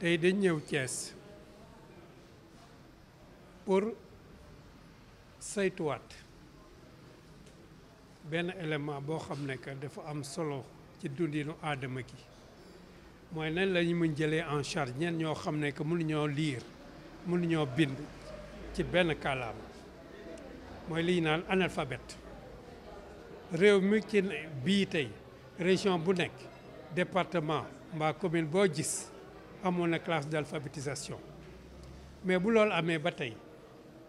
tey dañ ñëw cees pour saytuwaat benn élément boo xam ne que dafa am solo ci dundinu aadama gi mooy nan la ñu jëlee en charge ñenn ñoo xam ne que mënuñoo lire mënuñoo bind ci benn kàllaama mooy li naan analphabète réew mi ci bii tey région bu nekk département mbaa commune boo gis. à mon classe d'alphabétisation mais bu lol amé batay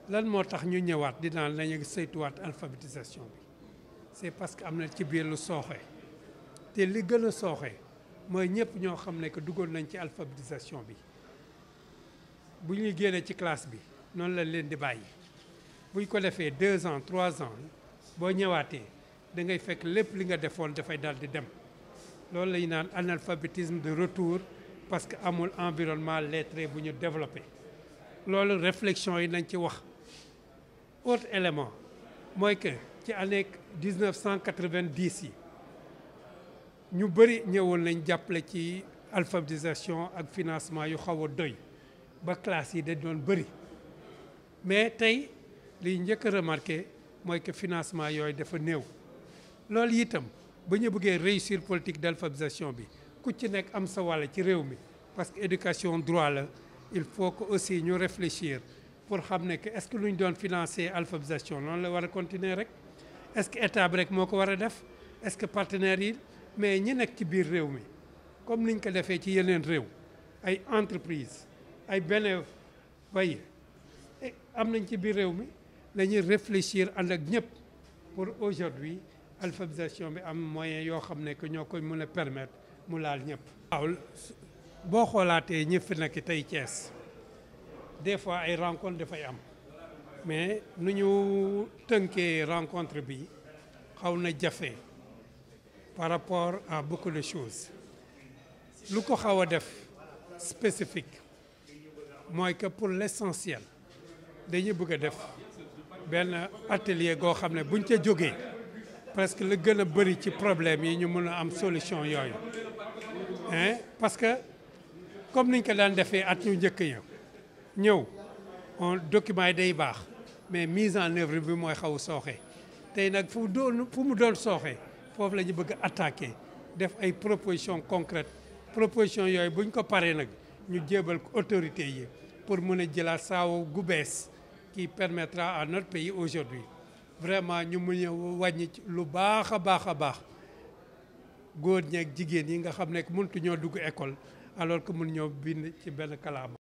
lan moo tax ñu ñëwaat di naan nous saytuwaat alphabétisation bi c'est parce que amna ci biir lu soxé té li a moy ñëpp ñoo que nañ ci alphabétisation bi bu ñuy gëné ci classe bi non lañ leen di bayyi bu ko deux ans trois ans bo ñëwaaté da ngay fekk lepp li nga defoon fay dal di dem lay naan analphabétisme de retour parce que amul environnement lettré bu développer. développé la réflexion yi nañ ci wax autre élément moy que ci année 1990 nous ñu bari l'alphabétisation nañ le ci alphabétisation ak financement yu xaw ba classe yi da doon bari mais tay li ñëk remarqué moy que financement yoy dafa ce loolu itam ba ñu pour réussir politique d'alphabétisation bi ku ci nekk am sa wàll ci parce que éducation droit il faut que aussi ñu réfléchir pour xam que est-ce que lu ñu doon financer alphabétisation on la war continuer rek est-ce que état bi rek moo def est-ce que partenaires yi mais ñi nekk ci biir réew comme niñ ko defee ci yeneen réew ay entreprise ay bénévoles eh, am nañ ci biir réew mi réfléchir ànd ak ñëpp pour aujourd'hui alphabétisation bi am moyen yoo xam que ñoo koy permettre mu laal ñëpp. bo xolaté xoolaatee ñëpp tay nekk des fois ay rencontre dafay am mais nuñu ñu rencontre bi xawna jafé par rapport à beaucoup de choses lu ko xaw def spécifique moy que pour l'essentiel dañu bëgg def ben atelier go xamné ne buñ ca jógee parce que la gën a bëri ci problème yi ñu mën a am solution yooyu hein parce que comme niñ ko daan defee at ñu njëkk ya ñëw on document yi day baax mais mise en œuvre bi mooy xaw sooxe tey nag fu doon fu mu doon sooxe foofu la ñu bëgg attaquer def ay proposition concrète proposition yooyu bu ñu ko paree nag ñu jébal ko autorité yi pour mën a jëlaat saaw gu bees qui permettra à notre pays aujourd'hui vraiment ñu mu a wàññi lu baax a baax a baax góor ñeek jigéen yi nga xam ne mëntu ñoo dugg école alors que mun ñoo bind ci benn kalaama